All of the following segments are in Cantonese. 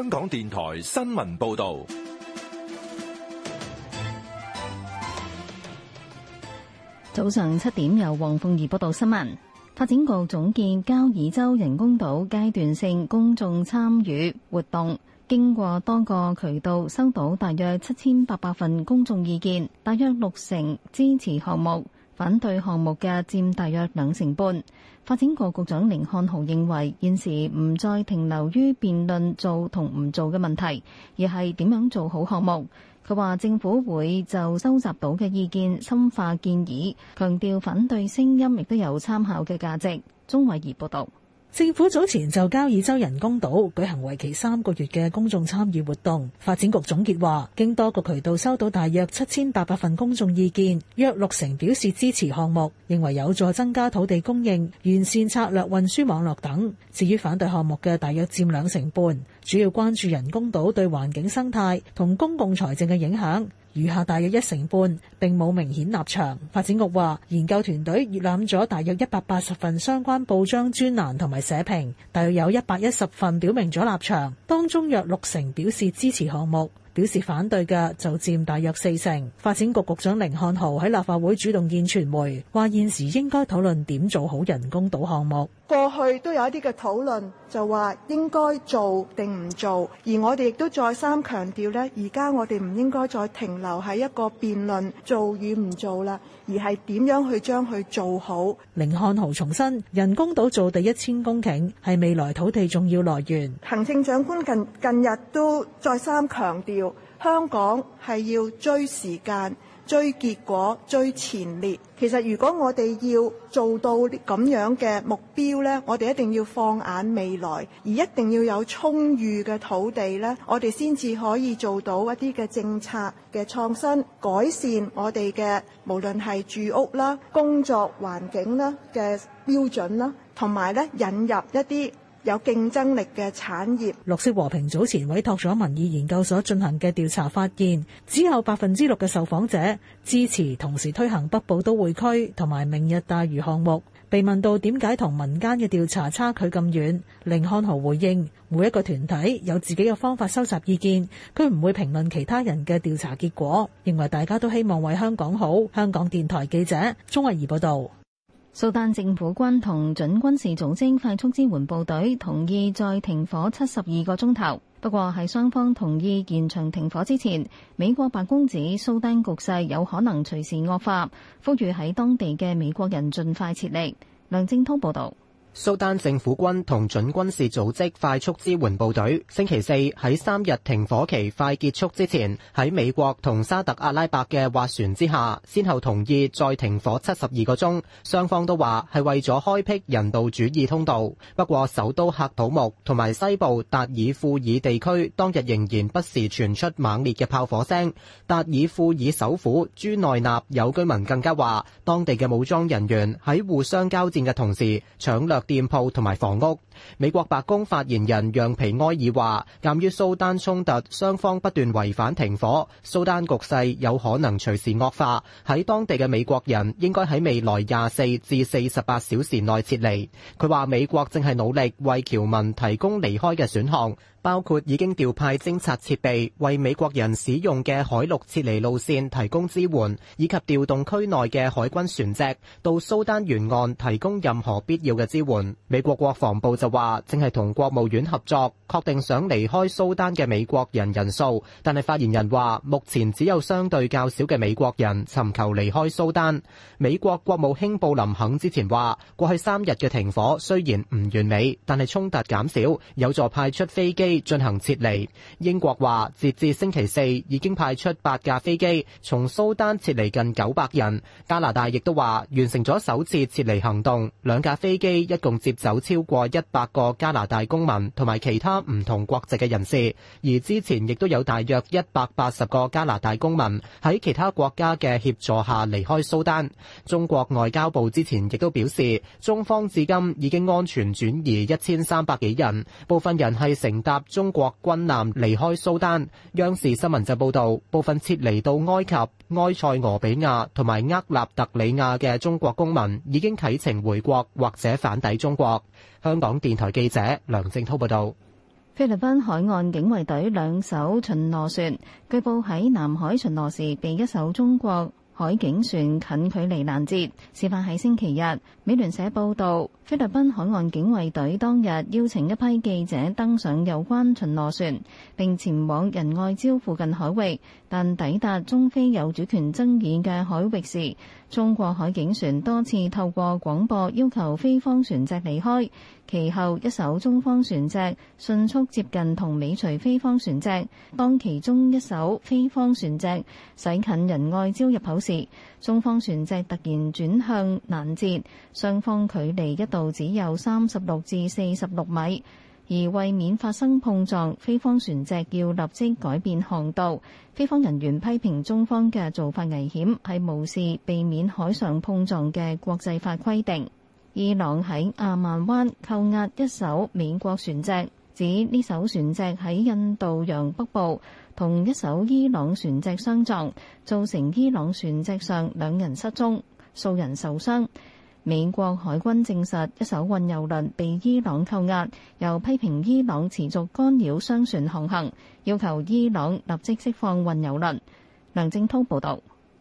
香港電台新聞報道，早上七點由黃鳳儀報道新聞。發展局總結交椅洲人工島階段性公眾參與活動，經過多個渠道收到大約七千八百份公眾意見，大約六成支持項目，反對項目嘅佔大約兩成半。發展局局長凌漢豪認為，現時唔再停留於辯論做同唔做嘅問題，而係點樣做好項目。佢話政府會就收集到嘅意見深化建議，強調反對聲音亦都有參考嘅價值。鍾偉儀報道。政府早前就交椅洲人工島舉行為期三個月嘅公眾參與活動，發展局總結話，經多個渠道收到大約七千八百份公眾意見，約六成表示支持項目，認為有助增加土地供應、完善策略運輸網絡等。至於反對項目嘅大約佔兩成半，主要關注人工島對環境生態同公共財政嘅影響。餘下大約一成半，並冇明顯立場。發展局話，研究團隊閱覽咗大約一百八十份相關報章專欄同埋社評，大約有一百一十份表明咗立場，當中約六成表示支持項目，表示反對嘅就佔大約四成。發展局局長凌漢豪喺立法會主動見傳媒，話現時應該討論點做好人工島項目。過去都有一啲嘅討論，就話應該做定唔做，而我哋亦都再三強調呢，而家我哋唔應該再停留喺一個辯論做與唔做啦，而係點樣去將佢做好。甯漢豪重申人工島造地一千公頃係未來土地重要來源。行政長官近近日都再三強調，香港係要追時間，追結果、追前列，其實如果我哋要做到咁樣嘅目標呢，我哋一定要放眼未來，而一定要有充裕嘅土地呢，我哋先至可以做到一啲嘅政策嘅創新、改善我哋嘅無論係住屋啦、工作環境啦嘅標準啦，同埋呢引入一啲有競爭力嘅產業。綠色和平早前委託咗民意研究所進行嘅調查發現，只有百分之六嘅受訪者支持同時推行北部都會區同埋明日大嶼項目。被問到點解同民間嘅調查差距咁遠，甯漢豪回應：每一個團體有自己嘅方法收集意見，佢唔會評論其他人嘅調查結果。認為大家都希望為香港好。香港電台記者鍾慧儀報道。蘇丹政府軍同準軍事組織快速支援部隊同意再停火七十二個鐘頭，不過喺雙方同意延長停火之前，美國白宮指蘇丹局勢有可能隨時惡化，呼籲喺當地嘅美國人盡快撤離。梁正滔報道。蘇丹政府軍同準軍事組織快速支援部隊星期四喺三日停火期快結束之前，喺美國同沙特阿拉伯嘅斡旋之下，先後同意再停火七十二個鐘。雙方都話係為咗開闢人道主義通道。不過，首都喀土木同埋西部達爾富爾地區當日仍然不時傳出猛烈嘅炮火聲。達爾富爾首府朱內納有居民更加話，當地嘅武裝人員喺互相交戰嘅同時搶掠。店鋪同埋房屋。美國白宮發言人讓皮埃爾話：鑒於蘇丹衝突雙方不斷違反停火，蘇丹局勢有可能隨時惡化。喺當地嘅美國人應該喺未來廿四至四十八小時內撤離。佢話美國正係努力為僑民提供離開嘅選項。包括已經調派偵察設備，為美國人使用嘅海陸撤離路線提供支援，以及調動區內嘅海軍船隻，到蘇丹沿岸提供任何必要嘅支援。美國國防部就話，正係同國務院合作，確定想離開蘇丹嘅美國人人數。但係發言人話，目前只有相對較少嘅美國人尋求離開蘇丹。美國國務卿布林肯之前話，過去三日嘅停火雖然唔完美，但係衝突減少，有助派出飛機。進行撤離。英國話，截至星期四已經派出八架飛機從蘇丹撤離近九百人。加拿大亦都話完成咗首次撤離行動，兩架飛機一共接走超過一百個加拿大公民同埋其他唔同國籍嘅人士。而之前亦都有大約一百八十個加拿大公民喺其他國家嘅協助下離開蘇丹。中國外交部之前亦都表示，中方至今已經安全轉移一千三百幾人，部分人係承擔。中國軍艦離開蘇丹，央視新聞就報道，部分撤離到埃及、埃塞俄比亞同埋厄立特里亞嘅中國公民已經啟程回國或者返抵中國。香港電台記者梁正濤報道，菲律賓海岸警衛隊兩艘巡邏船，據報喺南海巡邏時被一艘中國海警船近距離攔截，事發喺星期日。美聯社報道，菲律賓海岸警衛隊當日邀請一批記者登上有關巡邏船，並前往仁愛礁附近海域，但抵達中菲有主權爭議嘅海域時，中國海警船多次透過廣播要求菲方船隻離開，其後一艘中方船隻迅速接近同尾隨菲方船隻。當其中一艘菲方船隻駛近仁愛礁入口時，中方船隻突然轉向攔截，雙方距離一度只有三十六至四十六米。而為免發生碰撞，菲方船隻要立即改變航道。菲方人員批評中方嘅做法危險，係無視避免海上碰撞嘅國際法規定。伊朗喺阿曼灣扣押一艘美國船隻，指呢艘船隻喺印度洋北部同一艘伊朗船隻相撞，造成伊朗船隻上兩人失蹤，數人受傷。美國海軍證實一艘運油輪被伊朗扣押，又批評伊朗持續干擾商船航行，要求伊朗立即釋放運油輪。梁正濤報道。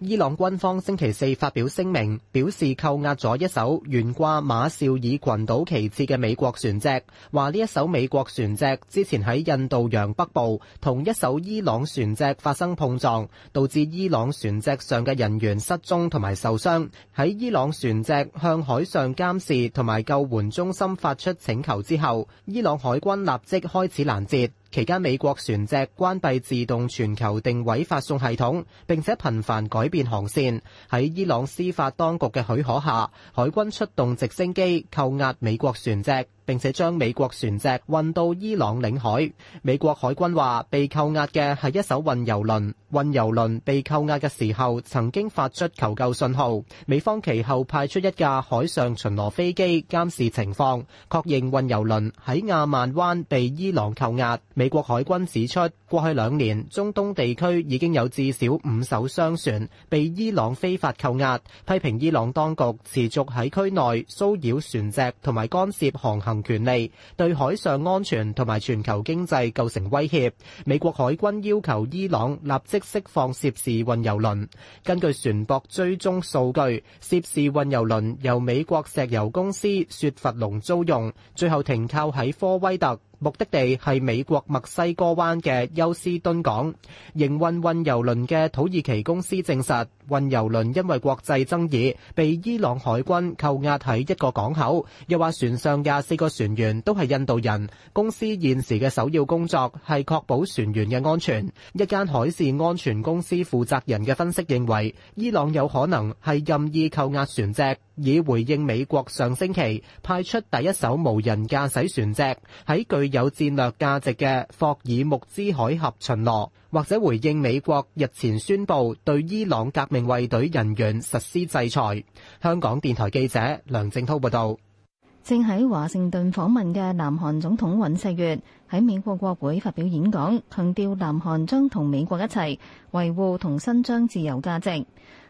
伊朗軍方星期四發表聲明，表示扣押咗一艘懸掛馬少爾群島旗幟嘅美國船隻，話呢一艘美國船隻之前喺印度洋北部同一艘伊朗船隻發生碰撞，導致伊朗船隻上嘅人員失蹤同埋受傷。喺伊朗船隻向海上監視同埋救援中心發出請求之後，伊朗海軍立即開始攔截。期間美國船隻關閉自動全球定位發送系統，並且頻繁改變航線。喺伊朗司法當局嘅許可下，海軍出動直升機扣押美國船隻。並且將美國船隻運到伊朗領海。美國海軍話，被扣押嘅係一艘運油輪。運油輪被扣押嘅時候，曾經發出求救信號。美方其後派出一架海上巡邏飛機監視情況，確認運油輪喺亞曼灣被伊朗扣押。美國海軍指出，過去兩年，中東地區已經有至少五艘商船被伊朗非法扣押，批評伊朗當局持續喺區內騷擾船隻同埋干涉航行。權利對海上安全同埋全球經濟構成威脅，美國海軍要求伊朗立即釋放涉事運油輪。根據船舶追蹤數據，涉事運油輪由美國石油公司雪佛龍租用，最後停靠喺科威特，目的地係美國墨西哥灣嘅休斯敦港，營運運油輪嘅土耳其公司證實，運油輪因為國際爭議，被伊朗海軍扣押喺一個港口，又話船上廿四個船員都係印度人。公司現時嘅首要工作係確保船員嘅安全。一間海事安全公司負責人嘅分析認為，伊朗有可能係任意扣押船隻，以回應美國上星期派出第一艘無人駕駛船隻喺巨。有戰略價值嘅霍爾木茲海峽巡邏，或者回應美國日前宣布對伊朗革命衛隊人員實施制裁。香港電台記者梁正濤報道。正喺華盛頓訪問嘅南韓總統尹錫悅喺美國國會發表演講，強調南韓將同美國一齊維護同伸張自由價值。尹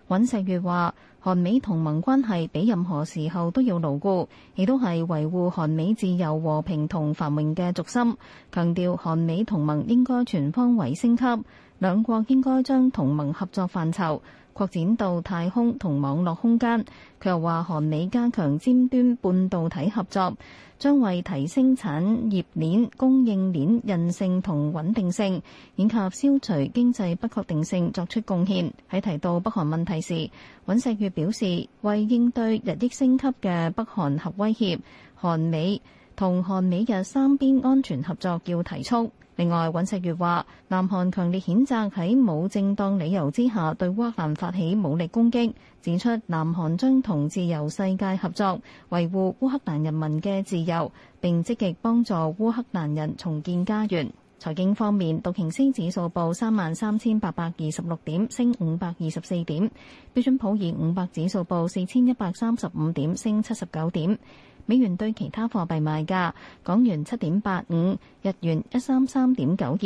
錫悅話。韓美同盟關係比任何時候都要牢固，亦都係維護韓美自由和平同繁榮嘅軸心。強調韓美同盟應該全方位升級，兩國應該將同盟合作範疇，擴展到太空同網絡空間。佢又話：韓美加強尖端半導體合作，將為提升產業鏈供應鏈韌性同穩定性，以及消除經濟不確定性作出貢獻。喺提到北韓問題時，尹錫悅表示，為應對日益升級嘅北韓核威脅，韓美同韓美日三邊安全合作要提速。另外，尹錫悅話：南韓強烈譴責喺冇正當理由之下對烏克蘭發起武力攻擊，指出南韓將同自由世界合作，維護烏克蘭人民嘅自由，並積極幫助烏克蘭人重建家園。財經方面，道瓊斯指數報三萬三千八百二十六點，升五百二十四點；標準普爾五百指數報四千一百三十五點，升七十九點。美元兌其他貨幣賣價：港元七點八五，日元一三三點九二，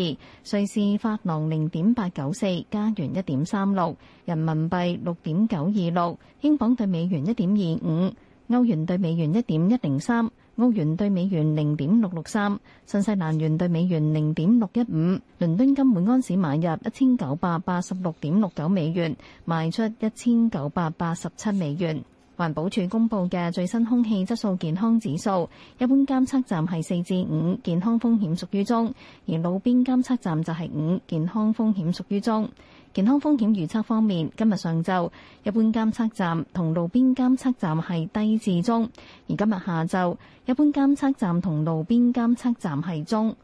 瑞士法郎零點八九四，加元一點三六，人民幣六點九二六，英鎊對美元一點二五，歐元兌美元一點一零三，澳元兌美元零點六六三，新西蘭元兌美元零點六一五。倫敦金每安士買入一千九百八十六點六九美元，賣出一千九百八十七美元。環保署公布嘅最新空氣質素健康指數，一般監測站係四至五，健康風險屬於中；而路邊監測站就係五，健康風險屬於中。健康風險預測方面，今日上晝一般監測站同路邊監測站係低至中；而今日下晝一般監測站同路邊監測站係中。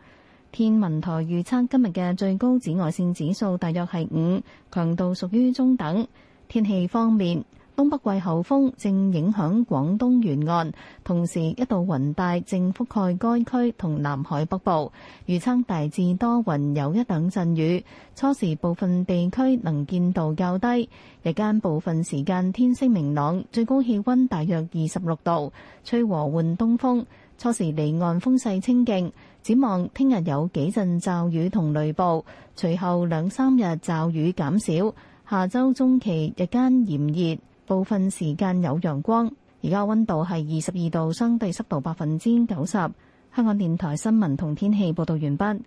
天文台預測今日嘅最高紫外線指數大約係五，強度屬於中等。天氣方面。東北季候風正影響廣東沿岸，同時一道雲帶正覆蓋該區同南海北部。預測大致多雲，有一等陣雨。初時部分地區能見度較低，日間部分時間天色明朗，最高氣温大約二十六度，吹和緩東風。初時離岸風勢清勁，展望聽日有幾陣驟雨同雷暴，隨後兩三日驟雨減少。下周中期日間炎熱。部分時間有陽光，而家溫度係二十二度，相對濕度百分之九十。香港電台新聞同天氣報道完畢。